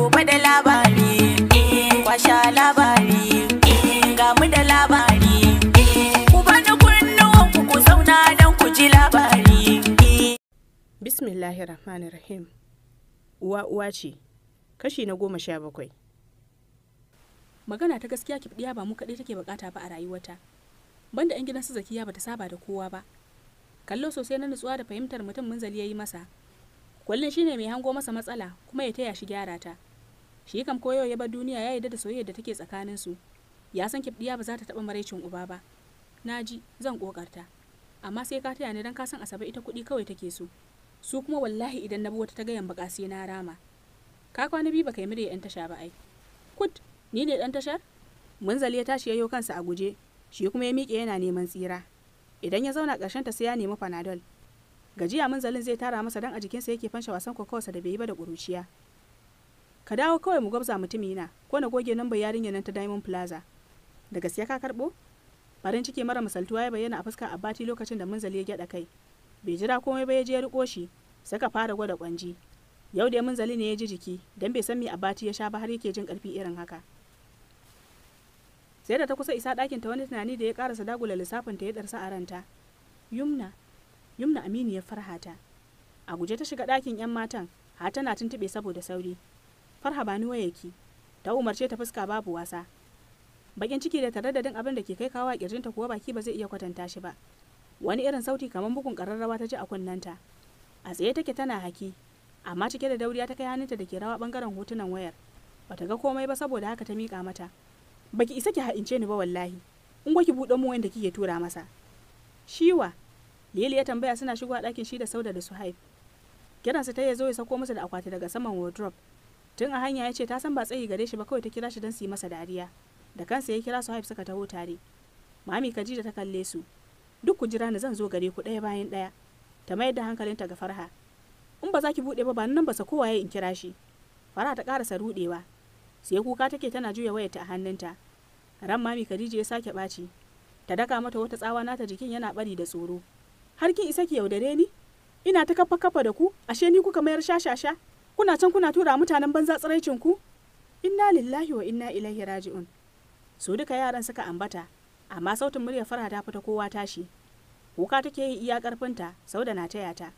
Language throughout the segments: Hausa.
gobe da labari eh, kwasha labari eh, ga da labari eh, ku bani kunnuwan ku zauna don ku ji labari bismillahir rahmanir rahim uwa uwa ce kashi na goma sha bakwai magana ta gaskiya kibdiya ba mu kaɗai take bukata ba a rayuwata banda 'yan gidan su zakiya bata saba da kowa ba kallo sosai na nutsuwa da fahimtar mutum munzali ya yi masa kullum shine mai hango masa matsala kuma ya taya shi gyara ta shi kam koyo ya bar duniya ya yi da soyayyar da take tsakanin su ya san kibdiya ba za ta taba maraicin uba ba naji zan kokarta amma sai ka taya ni dan ka san asabe ita kuɗi kawai take so su kuma wallahi idan na bi wata ta gayan yamba kasi na rama ka kwana biyu baka yi murya yan tasha ba ai kut ni ne dan tashar munzali ya tashi yayo kansa a guje shi kuma ya miƙe yana neman tsira idan ya zauna ƙarshen ta sai ya nemi panadol gajiya munzalin zai tara masa dan a jikinsa yake fansha wasan kokowarsa da bai yi ba da ƙuruciya ka dawo kawai mu gwabza mutumi na ko na goge nan yarinya nan ta diamond plaza da gaskiya ka karbo farin ciki mara misaltuwa ya bayyana a fuskar abati lokacin da munzali ya gyada kai bai jira komai ba ya je ya riko shi saka fara gwada kwanji yau da munzali ne ya ji jiki dan bai san me abati ya sha ba har yake jin karfi irin haka sai da ta kusa isa dakin ta wani tunani da ya karasa dagula lissafin ta ya darsa a ranta yumna yumna aminu ya farhata a guje ta shiga dakin 'yan matan har tana tuntube saboda sauri farha ba ni ta umarce ta fuska babu wasa bakin ciki da taraddadin abin da ke kai kawa kirjinta kuwa baki ba zai iya kwatanta shi ba wani irin sauti kamar bugun kararrawa ta ji a kunnanta a tsaye take tana haki amma cike da dauriya ta kai hannunta da ke rawa bangaren hotunan wayar bata ga komai ba saboda haka ta mika mata baki isa ki haince ni ba wallahi in ki buɗe mu wanda kike tura masa shiwa lili ya tambaya suna shigowa ɗakin shi da sauda da suhaib kiransa ta yi zo ya sako masa da akwati daga saman wardrobe tun a hanya ya ce ta san ba tsayi gare shi ba kawai ta kira shi don su yi masa dariya da kansa ya kira su haifi suka taho tare mami da ta kalle su duk ku jira ni zan zo gare ku ɗaya bayan ɗaya ta mayar da hankalin ta ga farha in ba za ki buɗe ba ba nan ba sa kowa ya in kira shi farha ta ƙarasa ruɗewa sai kuka take tana juya wayarta a hannunta ran mami Khadija ya sake ɓaci ta daka mata wata tsawa nata jikin yana ɓari da tsoro har kin isa ki yaudare ni ina ta kafa kafa da ku ashe ni kuka mayar sha-sha-sha? kuna can kuna tura mutanen banza tsiraicin inna lillahi wa inna ilaihi raji'un su duka yaran suka ambata amma sautin murya fara ta fita kowa tashi kuka take yi iya karfinta sau da na taya ta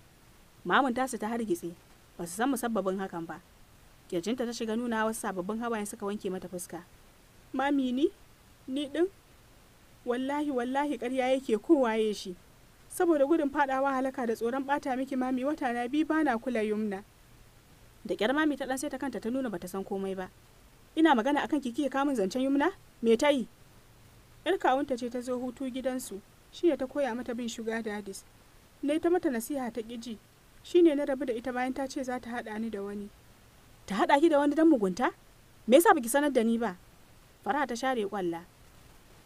mamun tasu ta hargitse ba su san musabbabin hakan ba kirjinta ta shiga nuna wasu sababbin hawaye suka wanke mata fuska mami ni ni din wallahi wallahi karya yake kowaye shi saboda gudun fadawa halaka da tsoron bata miki mami wata na biyu bana kula yumna da kyar mami ta dan sai ta kanta ta nuna bata san komai ba ina magana akan kiki ya kamun zancen yumna me ta yi yar kawunta ce ta zo hutu gidansu shi ne ta koya mata bin shuga dadis na ta mata nasiha ta ƙiji shi ne na rabu da ita bayan ta ce za ta haɗa ni da wani ta haɗa ki da wani dan mugunta me yasa baki sanar da ni ba fara ta share kwalla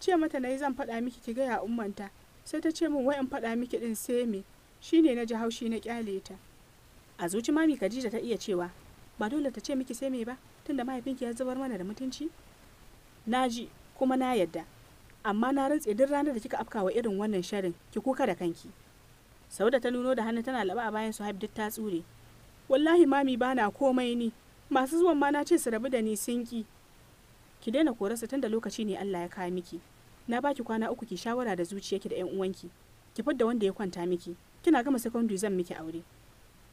ce mata na yi zan faɗa miki ki gaya ummanta sai ta ce min wai in faɗa miki din sai me shi ne na ji haushi na ƙyale ta a zuci mami khadija ta iya cewa ba dole ta ce miki sai me ba tunda mahaifinki ya zubar mana da mutunci na ji kuma na yadda amma na rantse duk ranar da kika afkawa irin wannan sharin ki kuka da kanki sauda ta nuno da hannu tana laba a bayan suhaib duk ta tsure wallahi mami bana komai ni masu zuwan ma na ce su rabu da ni sun ki ki daina korarsa tunda lokaci ne Allah ya kawo miki na baki kwana uku ki shawara da zuciyarki da yan uwanki ki fidda wanda ya kwanta miki kina gama sakandu zan miki aure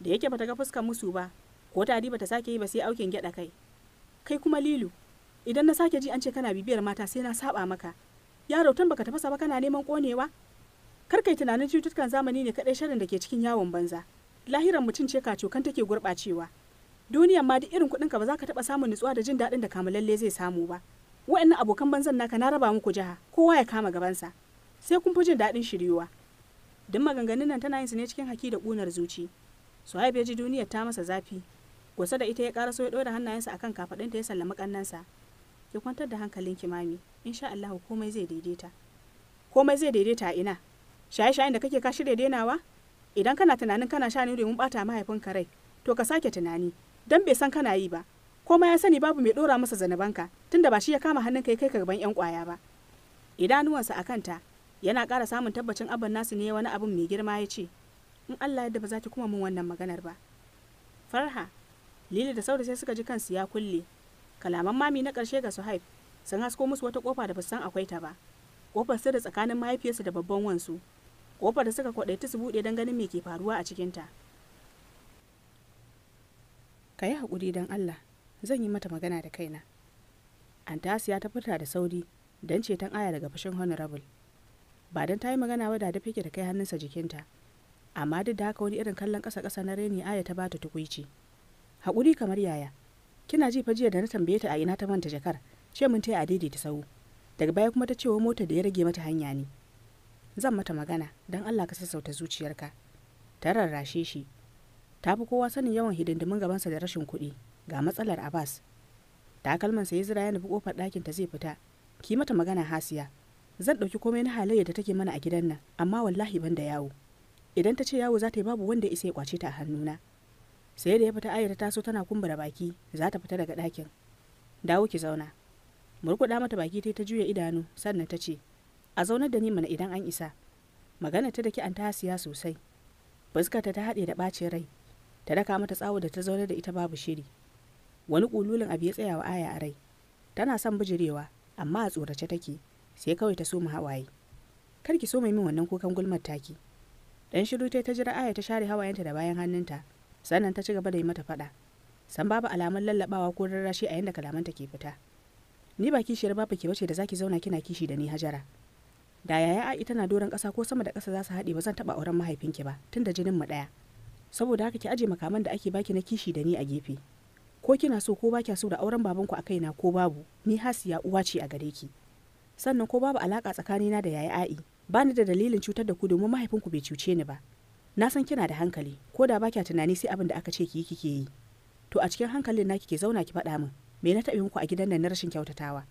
da yake bata ga fuskar musu ba ko tari bata sake yi ba sai aukin gyada kai kai kuma lilu idan na sake ji an ce kana bibiyar mata sai na saba maka yaro tun baka tafasa ba kana neman konewa kar kai tunanin cututtukan zamani ne kadai sharrin da ke cikin yawon banza lahiran mutum ce kacokan take gurɓacewa duniyan ma duk irin kuɗin ka ba za ka taɓa samun nutsuwa da jin daɗin da kamulalle zai samu ba wa'annan abokan banzan naka na raba muku jiha kowa ya kama gabansa sai kun fi jin daɗin shiryuwa duk maganganun nan tana yin su ne cikin haki da ƙunar zuci suhaib ya ji duniyar ta masa zafi gwasa da ita ya karaso ya ɗora hannayensa akan kafaɗinta ya sallami ƙannansa ki kwantar da hankalin ki mami insha Allah komai zai daidaita komai zai daidaita a ina shaye-shayen da kake ka shirya dainawa idan kana tunanin kana sha ne domin bata mahaifinka rai to ka sake tunani dan bai san kana yi ba komai ya sani babu mai ɗora masa zanabanka tunda ba shi ya kama hannunka ya kai ka gaban yan kwaya ba idanuwansa akan ta yana ƙara samun tabbacin abin nasu ne wani abin mai girma ya ce in Allah yadda ba za ki kuma min wannan maganar ba farha lili da Saura sai suka ji kansu ya kulle kalaman mami na ƙarshe ga suhaib sun hasko musu wata kofa da ba san akwai ta ba kofar sai da tsakanin mahaifiyarsu da babban wansu kofar da suka kwaɗaita su buɗe don ganin me ke faruwa a cikinta ka yi haƙuri don Allah zan yi mata magana da kaina antasiya ta furta da sauri don ceton aya daga fushin honorable ba don ta yi magana ba da da fike da kai hannunsa jikinta amma duk da haka wani irin kallon ƙasa ƙasa na reni aya ta bata tukuici haƙuri kamar yaya kina ji jiya da na tambaye ta a ina ta manta jakar ce mun taya a daidaita sahu daga baya kuma ta ce wa motar da ya rage mata hanya ne zan mata magana don allah ka sassauta zuciyarka ta rarrashe shi ta fi kowa sanin yawan hidindimin gabansa da rashin kuɗi ga matsalar abbas takalmansa ya zira ya nufi kofar ɗakinta zai fita ki mata magana hasiya zan ɗauki komai na halayya da take mana a gidan nan amma wallahi ban da yawo idan ta ce yawo za ta yi babu wanda isa ya kwace ta a hannuna sai da ya fita ayyar taso tana kumbura baki za ta fita daga ɗakin dawo ki zauna murkuɗa mata baki ta ta juya idanu sannan ta ce a zaunar da ni mana idan an isa magana ta da ki an tasiya sosai fuskarta ta haɗe da ɓacin rai ta daka mata tsawo da ta zaunar da ita babu shiri wani ƙululin abu ya tsaya wa aya a rai tana son bijirewa amma a tsorace take sai kawai ta soma hawaye kar ki so mai min wannan kukan gulmar taki dan shiru ta jira aya ta share hawayenta da bayan hannunta sannan ta ci gaba da yi mata faɗa san babu alamun lallabawa ko rarrashi a yanda kalamanta ke fita ni ba kishiyar babu ke bace da zaki zauna kina kishi da ni hajara da yaya ai tana doron ƙasa ko sama da ƙasa za su haɗe ba zan taɓa auren mahaifinki ba tun da jinin mu ɗaya saboda haka ki aje makaman da ake baki na kishi da ni a gefe ko kina so ko ba kya so da auren babanku a kaina ko babu ni hasiya uwa ce a gare ki sannan ko babu alaka tsakanina da yaya ai ba ni da dalilin cutar da ku domin mahaifinku bai cuce ni ba na san kina da hankali ko da kya tunani sai abin da aka ce ki yi kike yi to a cikin hankalin naki ke zauna ki faɗa min me na taɓa muku a gidan nan na rashin kyautatawa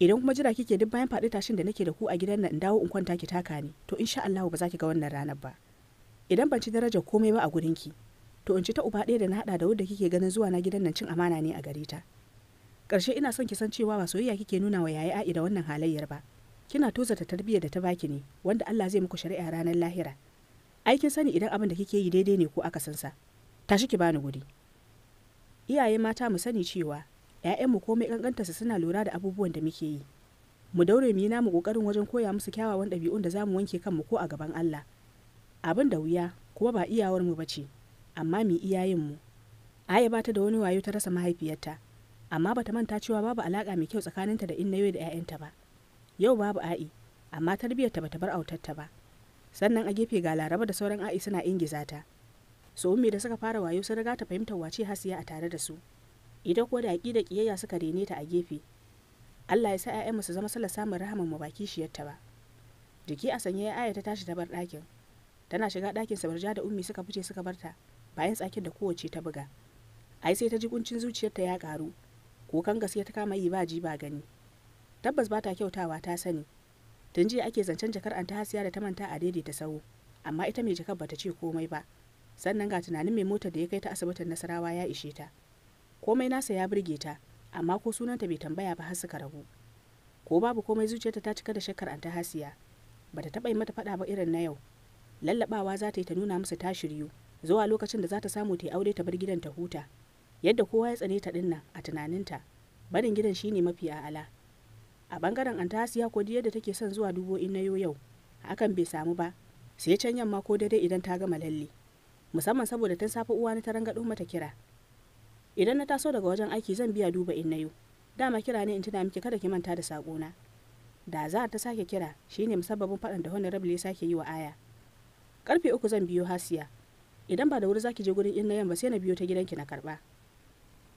idan kuma jira kike duk bayan faɗi tashin da nake da ku a gidan nan in dawo in kwanta ki taka ni to insha Allah ba za ki ga wannan ranar ba idan ban ci darajar komai ba a gurin ki to in ci ta uba ɗaya da na haɗa da wadda kike ganin zuwa na gidan nan cin amana ne a gare ta ƙarshe ina son ki san cewa ba soyayya kike nuna wa yaya a'i wannan halayyar ba kina tozata tarbiyyar da ta baki ne wanda Allah zai muku shari'a ranar lahira aikin sani idan abin da kike yi daidai ne ko aka san sa tashi ki bani guri iyaye mata mu sani cewa mu komai su suna lura da abubuwan da muke yi mu daure mu yi namu kokarin wajen koya musu kyawawan ɗabi'un da zamu wanke kanmu ko a gaban Allah abin da wuya kuma ba iyawar mu bace amma mi iyayen mu Aya bata da wani wayo ta rasa mahaifiyarta amma bata manta cewa babu alaka mai kyau tsakaninta da innayo da 'ya'yanta ba yau babu a'i amma tarbiyyar ta bata bar autarta ba sannan a gefe ga laraba da sauran a'i suna ingiza ta so ummi da suka fara wayo sun riga ta fahimtar wace hasiya a tare da su ita ko da aƙi da ƙiyayya suka rene ta a gefe Allah ya sa 'Ya'yan su zama sallar samun rahaman mu baki ta ba jiki a sanye ya ta tashi ta bar ɗakin tana shiga ɗakin sabarja da ummi suka fice suka bar ta bayan tsakin da kowace ta buga ai sai ta ji kuncin zuciyarta ya karu kokan gaske ta kama yi ba ji ba gani tabbas ba ta kyautawa ta sani tun jiya ake zancen jakar an ta da ta manta a daidaita sawo amma ita mai jakar bata ce komai ba sannan ga tunanin mai motar da ya kai ta asibitin nasarawa ya ishe ta komai nasa ya burge ta amma ko sunanta bai tambaya ba har suka rabu ko babu komai zuciyarta ta cika da shakkar an ta ba bata taɓa yi mata faɗa ba irin na yau lallabawa za ta yi ta nuna musu ta shiryu zuwa lokacin da za ta samu ta yi aure ta bar gidan ta huta yadda kowa ya tsane ta dinnan a tunaninta barin gidan shine mafi a'ala a bangaren antasiya ko da take son zuwa dubo in na yau hakan bai samu ba sai can yamma ko dai-dai idan ta gama lalle musamman saboda tun safe uwa na ta rangado mata kira idan na taso daga wajen aiki zan biya duba in na yau dama kira ne in tuna miki kada ki manta da na da za ta sake kira shine musabbabin faɗan da honorable ya sake yi wa aya karfe uku zan biyo hasiya idan ba da wuri zaki je gurin in na yamma sai na biyo ta gidanki na karba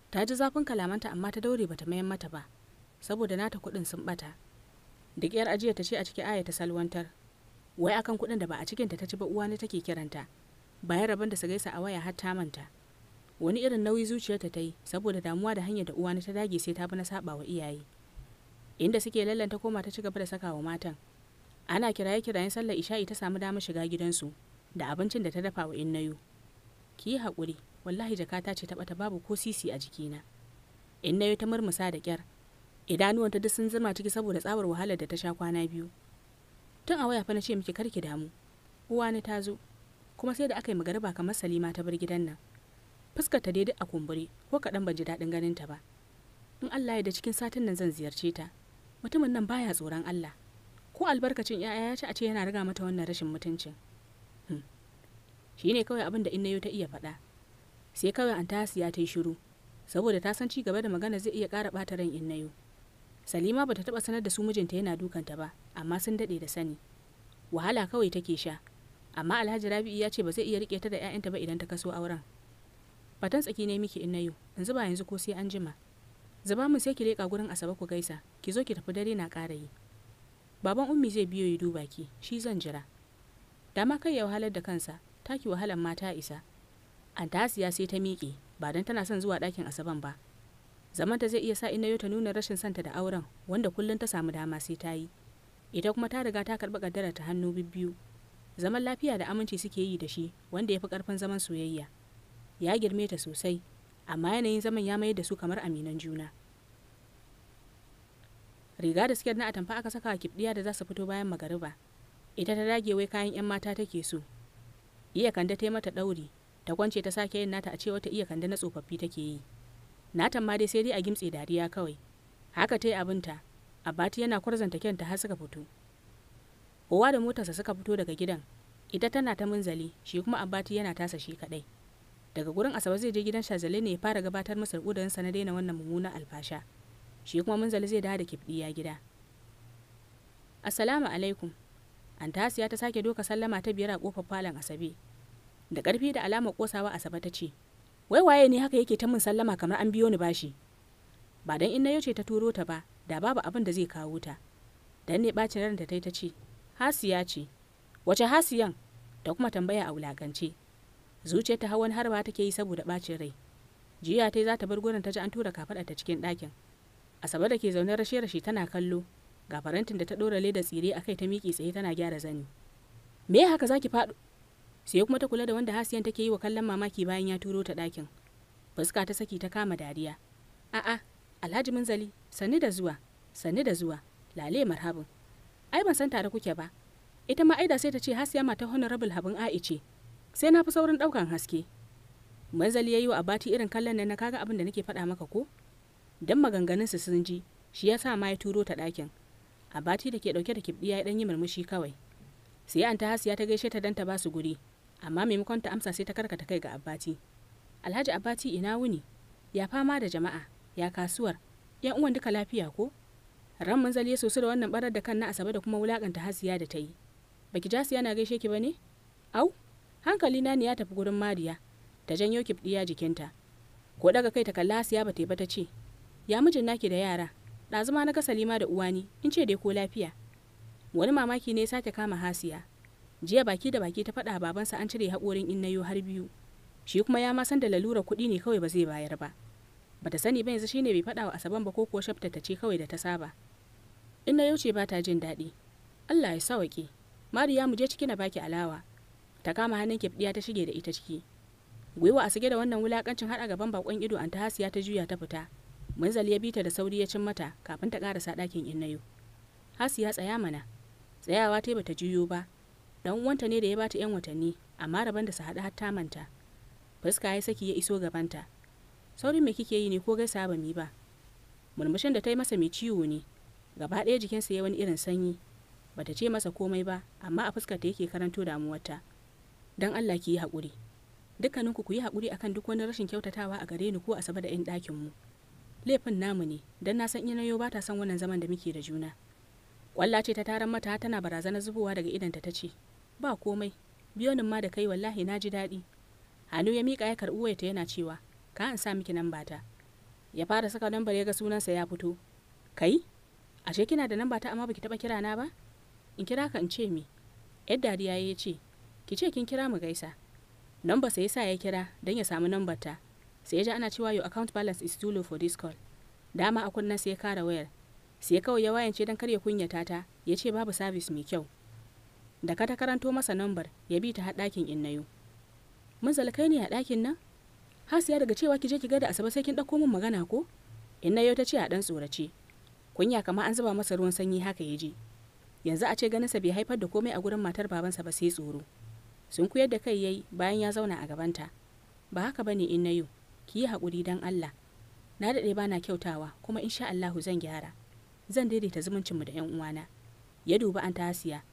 ta ji zafin kalamanta amma ta daure bata mayan mata ba saboda nata kuɗin sun bata da yar ajiya ta ce a ciki aya ta salwantar wai akan kuɗin da ba a cikinta ta ci ba uwa ne take kiranta bayan rabon da su gaisa a waya har ta manta wani irin nauyi zuciyarta ta yi saboda damuwa da hanyar da uwa ta dage sai ta bi na saba wa iyaye inda suke lallanta koma ta ci gaba da saka wa matan ana kiraye kirayen sallar isha'i ta samu damar shiga gidansu da abincin da ta dafa wa innayu ki yi haƙuri wallahi jakata ce ta ɓata babu ko sisi a jikina nayo ta murmusa da kyar. idanuwanta duk sun zama ciki saboda tsabar wahalar da ta sha kwana biyu tun a waya fa na ce miki ki damu uwa ta zo kuma sai da aka yi magariba kamar salima ta bar gidan nan fuskar ta daidai a kumbure ko kaɗan ban ji daɗin ganin ta ba in Allah ya da cikin satin nan zan ziyarce ta mutumin nan baya tsoron Allah ko albarkacin yaya ya ci a ce yana riga mata wannan rashin mutuncin hmm. Shi ne kawai abin da innayo ta iya faɗa sai kawai an tasiya ta yi shiru saboda ta san ci gaba da magana zai iya ƙara ɓata ran innayo salima bata taba sanar da su mijinta yana dukanta ba amma sun dade da sani wahala kawai take sha amma alhaji rabi'u ya ce ba zai iya rike ta da 'ya'yanta ba idan ta kaso auren fatan tsaki ne miki in nayo yanzu ba yanzu ko sai an jima zuba mu sai ki leka gurin asabe ku gaisa ki zo ki tafi dare na ƙara yi baban ummi zai biyo ya duba ki shi zan jira dama kai ya wahalar da kansa taki wahalar mata isa antasiya sai ta miƙe ba don tana son zuwa ɗakin asaban ba zamanta zai iya sa inayo ta nuna rashin santa da auren wanda kullum ta samu dama sai ta yi ita kuma ta riga ta karɓi kaddara ta hannu bibbiyu zaman lafiya da aminci suke yi da shi wanda ya fi ƙarfin zaman soyayya ya girme ta sosai amma yanayin zaman ya mayar da su kamar aminan juna riga da siket na atamfa aka saka kibdiya da za su fito bayan magariba ita ta dage wai kayan yan mata take so iya kanda ta mata ɗauri ta kwance ta sake yin nata a cewa ta iya kanda na tsofaffi take yi Na ma dai sai dai a gimtse dariya kawai haka ta yi abinta abati yana kwarzanta kyanta har suka fito kowa da motarsa suka fito daga gidan ita tana ta munzali shi kuma abati yana tasa shi kadai daga gurin asabe zai je gidan shazali ne ya fara gabatar masa sa na daina wannan mummunan alfasha shi kuma munzali zai dawo da kifdiya gida assalamu alaikum antasiya ta sake doka sallama ta biyar a kofar falon asabe da karfi da alamar kosawa asabe ta ce wai waye ne haka yake ta min sallama kamar an biyo ni bashi ba dan in na ce ta turo ta ba da babu abin da zai kawo ta dan ne bacin ranta tai ta ce hasiya ce wace hasiyan da kuma tambaya a wulakance Zuciya ta hawan harba take yi saboda bacin rai jiya tai za ta bar gurin ta ji an tura kafada ta cikin ɗakin asabe da ke zaune rashe rashe tana kallo ga farantin da ta dora leda tsire a kai ta miƙe tsaye tana gyara zani me haka zaki faɗo sai kuma ta kula da wanda hasiyan take yi wa kallon mamaki bayan ya turo ta ɗakin fuska ta saki ta kama dariya a'a alhaji munzali sanni da zuwa sanni da zuwa lale marhabin ai ban san tare kuke ba ita ma aida sai ta ce hasiya mata honorable habin aice ce sai na fi saurin ɗaukan haske manzali ya yi wa abati irin kallon nan na kaga abin da nake faɗa maka ko dan maganganunsu sun ji shi ya sa ma ya turo ta ɗakin abati da ke ɗauke da kibɗiya ya ɗan yi murmushi kawai sai an ta hasiya ta gaishe ta dan ta ba su guri amma maimakon ta amsa sai ta karkata kai ga abbati alhaji abbati ina wuni ya fama da jama'a ya kasuwar yan uwan duka lafiya ko ran mun zaliye sosai da wannan barar da kan na asabe da kuma wulakanta hasiya da ta yi baki jasiya na gaishe ki bane au hankali na ne ya tafi gurin mariya ta janyo ki ɗiya jikinta ko daga kai ta kalla hasiya ba ta ba ta ce ya mijin naki da yara ɗazuma na ga salima da uwani in ce dai ko lafiya wani mamaki ne sake kama hasiya jiya baki da baki ta faɗa babansa an cire haƙorin innayo har biyu shi kuma ya ma san da lalura kuɗi ne kawai ba zai bayar ba bata sani ba yanzu shine bai faɗa wa asaban ba ko kuwa shafta ta ce kawai da ta saba innayo ce ba ta jin daɗi Allah ya sawaƙe Mariya mu je ciki na baki alawa ta kama hannun ɗiya ta shige da ita ciki gwiwa a sige da wannan wulakancin haɗa a gaban bakon ido an ta hasiya ta juya ta fita zali ya bi ta da sauri ya cin mata kafin ta karasa ɗakin innayo hasiya tsaya mana tsayawa ta bata juyo ba dan uwanta ne da ya bata yan watanni amma raban da su hada har ta manta fuska ya saki ya iso gabanta saurin me kike yi ne ko gaisa ba mi ba murmushin da ta yi masa mai ciwo ne gaba ɗaya jikinsa ya wani irin sanyi bata ce masa komai ba amma a fuskar ta yake karanto damuwarta dan Allah ki yi haƙuri dukkaninku ku yi haƙuri akan duk wani rashin kyautatawa a gare ni ko asabe da 'yan ɗakin mu laifin namu ne dan na san inayo ba ta son wannan zaman da muke da juna kwalla ce ta taron mata tana barazana zubowa daga idanta ta ce ba komai biyonin ma da kai wallahi na ji daɗi hannu ya miƙa ya karɓi ta yana cewa ka an sa miki namba ya fara saka lambar ya ga sunansa ya fito kai ashe kina da namba ta amma baki taɓa kira na ba in kira ka in ce mi. yadda dariya ya ce ki ce kin kira mu gaisa namba sai sa ya kira don ya samu nambar ta sai ya ji ana cewa your account balance is too low for this call dama a kunna sai ya kara wayar sai kawai ya wayance don kar ya kunyata ta ya ce babu sabis mai kyau da ka ta karanto masa nambar ya bi ta haɗakin in nayo mazal kai ne a ɗakin nan hasiya daga cewa ki je ki ga da asaba sai kin ɗauko min magana ko in nayo ta ce a ɗan tsorace kunya kama an zuba masa ruwan sanyi haka ya je. yanzu a ce ganinsa bai haifar da komai a gurin matar babansa ba sai tsoro sun kuyar da kai yayi bayan ya zauna a gabanta ba haka bane in nayo ki yi hakuri don Allah na daɗe bana kyautawa kuma insha Allahu zan gyara zan daidaita zumuncinmu da 'yan uwana ya dubi an tasiya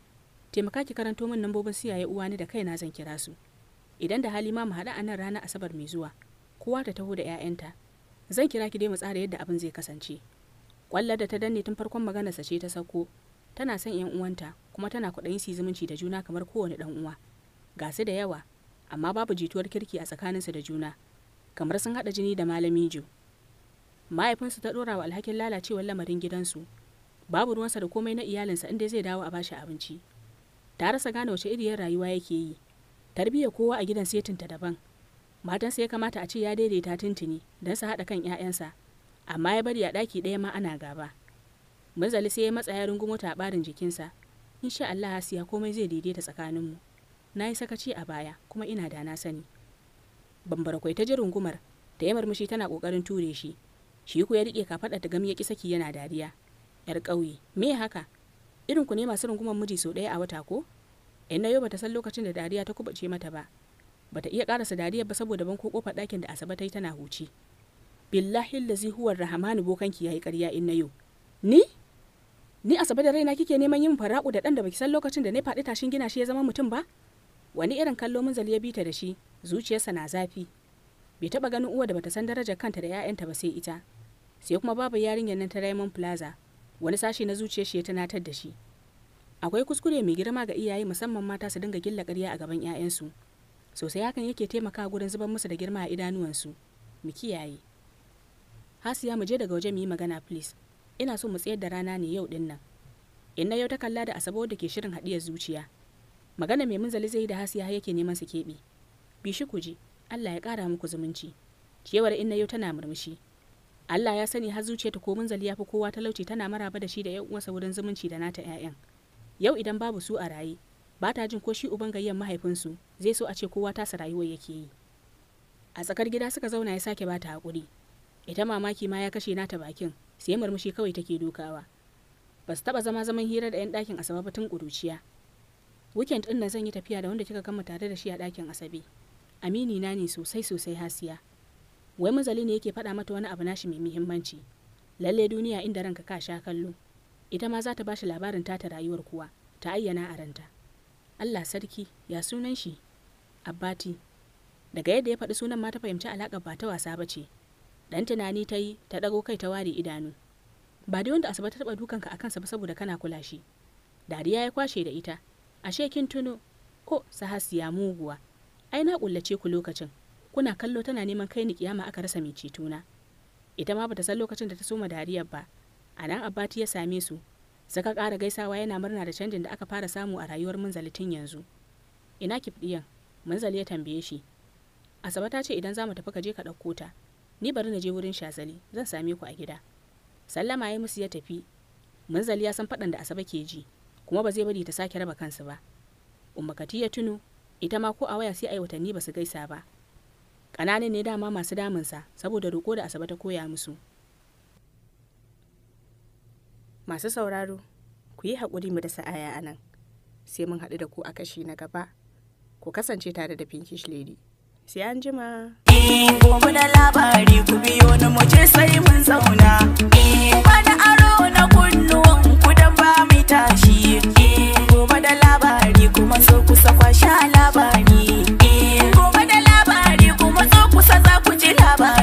taimaka ki karanto min lambobin siyaye uwani da kaina zan kira su idan da hali ma mu haɗu a nan ranar asabar mai zuwa kowa ta taho da 'ya'yanta zan kira ki dai mu tsara yadda abin zai kasance kwallar da ta danne tun farkon maganarsa ce ta sauko tana son 'yan uwanta kuma tana kwaɗayin si zumunci da juna kamar kowane ɗan uwa ga su da yawa amma babu jituwar kirki a tsakaninsu da juna kamar sun haɗa jini da malami jo mahaifinsu ta ɗora wa alhakin lalacewar lamarin gidansu babu ruwansa da komai na iyalinsa inda zai dawo a bashi abinci ta rasa gane wace iriyar rayuwa yake yi Tarbiyya kowa a gidan ta daban matansa ya kamata a ce ya daidaita tuntuni don su haɗa kan 'ya'yansa amma ya bari a ɗaki ɗaya ma ana gaba mazali sai ya matsa ya rungumo ta a ɓarin jikinsa insha Allah hasiya komai zai daidaita tsakaninmu na yi sakaci a baya kuma ina da na sani bambarakwai ta ji rungumar ta yi murmushi tana ƙoƙarin ture shi shi ku ya riƙe kafaɗa ta gami ya ƙi saki yana dariya yar ƙauye me haka irin ku ne masu rungumar miji sau ɗaya a wata ko in inna yau bata san lokacin da dariya ta kubace mata ba bata iya karasa dariya ba saboda ban ko kofar ɗakin da asabe ta yi tana huci billahi lazi huwar bokan ki yayi ƙarya inna yau ni ni asabe da raina kike neman yin faraku da dan da baki san lokacin da ne faɗi tashin gina shi ya zama mutum ba wani irin kallo munzali ya bita da shi zuciyarsa na zafi bai taba ganin uwa da bata san darajar kanta da 'ya'yanta ba sai ita sai kuma babu yarinyar nan ta Raymond Plaza wani sashe na zuciyar shi ya tunatar da shi akwai kuskure mai girma ga iyaye musamman mata su dinga gilla ƙarya a gaban 'ya'yansu sosai hakan yake taimakawa gurin zubar musu da girma a idanuwansu mu kiyaye hasiya mu je daga waje mu yi magana please ina so mu tsayar da rana ne yau din nan inna yau ta kalla da asabar da ke shirin haɗiyar zuciya magana mai munzali zai yi da hasiya yake neman su keɓe bishi ku ji allah ya ƙara muku zumunci ciyewar inna yau tana murmushi Allah ya sani har zuciyarta ta komin ya fi kowa talauci tana maraba da shi da 'yan uwansa wurin zumunci da nata 'ya'yan. Yau idan babu su a raye, ba ta jin ko shi uban gayyan mahaifinsu zai so a ce kowa ta tasa rayuwar yake yi. A tsakar gida suka zauna ya sake bata hakuri. Ita mamaki ma ya kashe nata bakin, sai murmushi kawai take dukawa. Ba su taba zama zaman hira da 'yan ɗakin Asabe ba tun ƙuruciya. Weekend ɗin nan zan yi tafiya da wanda kika gama tare da shi a ɗakin Asabe. Aminina ne sosai sosai Hasiya. wai mazali ne yake faɗa mata wani abu nashi mai muhimmanci lalle duniya inda ranka ka sha kallo ita ma za ta bashi labarin tata rayuwar kuwa ta ayyana a ranta allah sarki ya sunan shi abbati daga yadda ya faɗi sunan ma ta fahimci alaƙar ba ta wasa ba ce dan tunani ta yi ta ɗago kai ta ware idanu ba da wanda asabe ta taɓa dukanka a kansa ba saboda kana kula shi dariya ya kwashe da ita ashe kin tuno ko sahasiya muguwa ai na ƙullace ku lokacin kuna kallo tana neman kai ni kiyama aka rasa mai cetona ita ma bata san lokacin da ta soma dariyar ba anan nan abbati ya same su saka ƙara gaisawa yana murna da canjin da aka fara samu a rayuwar munzalitin yanzu ina kifdiyan munzali ya tambaye shi asabe ta ce idan za mu tafi ka je ka ɗauko ta ni bari na je wurin shazali zan same ku a gida sallama ya musu ya tafi munzali ya san faɗan da asabe ke ji kuma ba zai bari ta sake raba kansu ba umma ya tuno ita ma ko a waya sai ai watanni ba su gaisa ba ƙananan ne dama masu damunsa saboda roƙo da asabe ta koya musu masu sauraro ku yi haƙuri mu da sa'aya a nan sai mun haɗu da ku a kashi na gaba ku kasance tare da pinkish lady sai an jima gobe da labari ku biyo ni mu sai mun zauna wani aro na kunnuwan ku dan ba mai tashi gobe da labari kuma so ku sakwa sha labari jira ba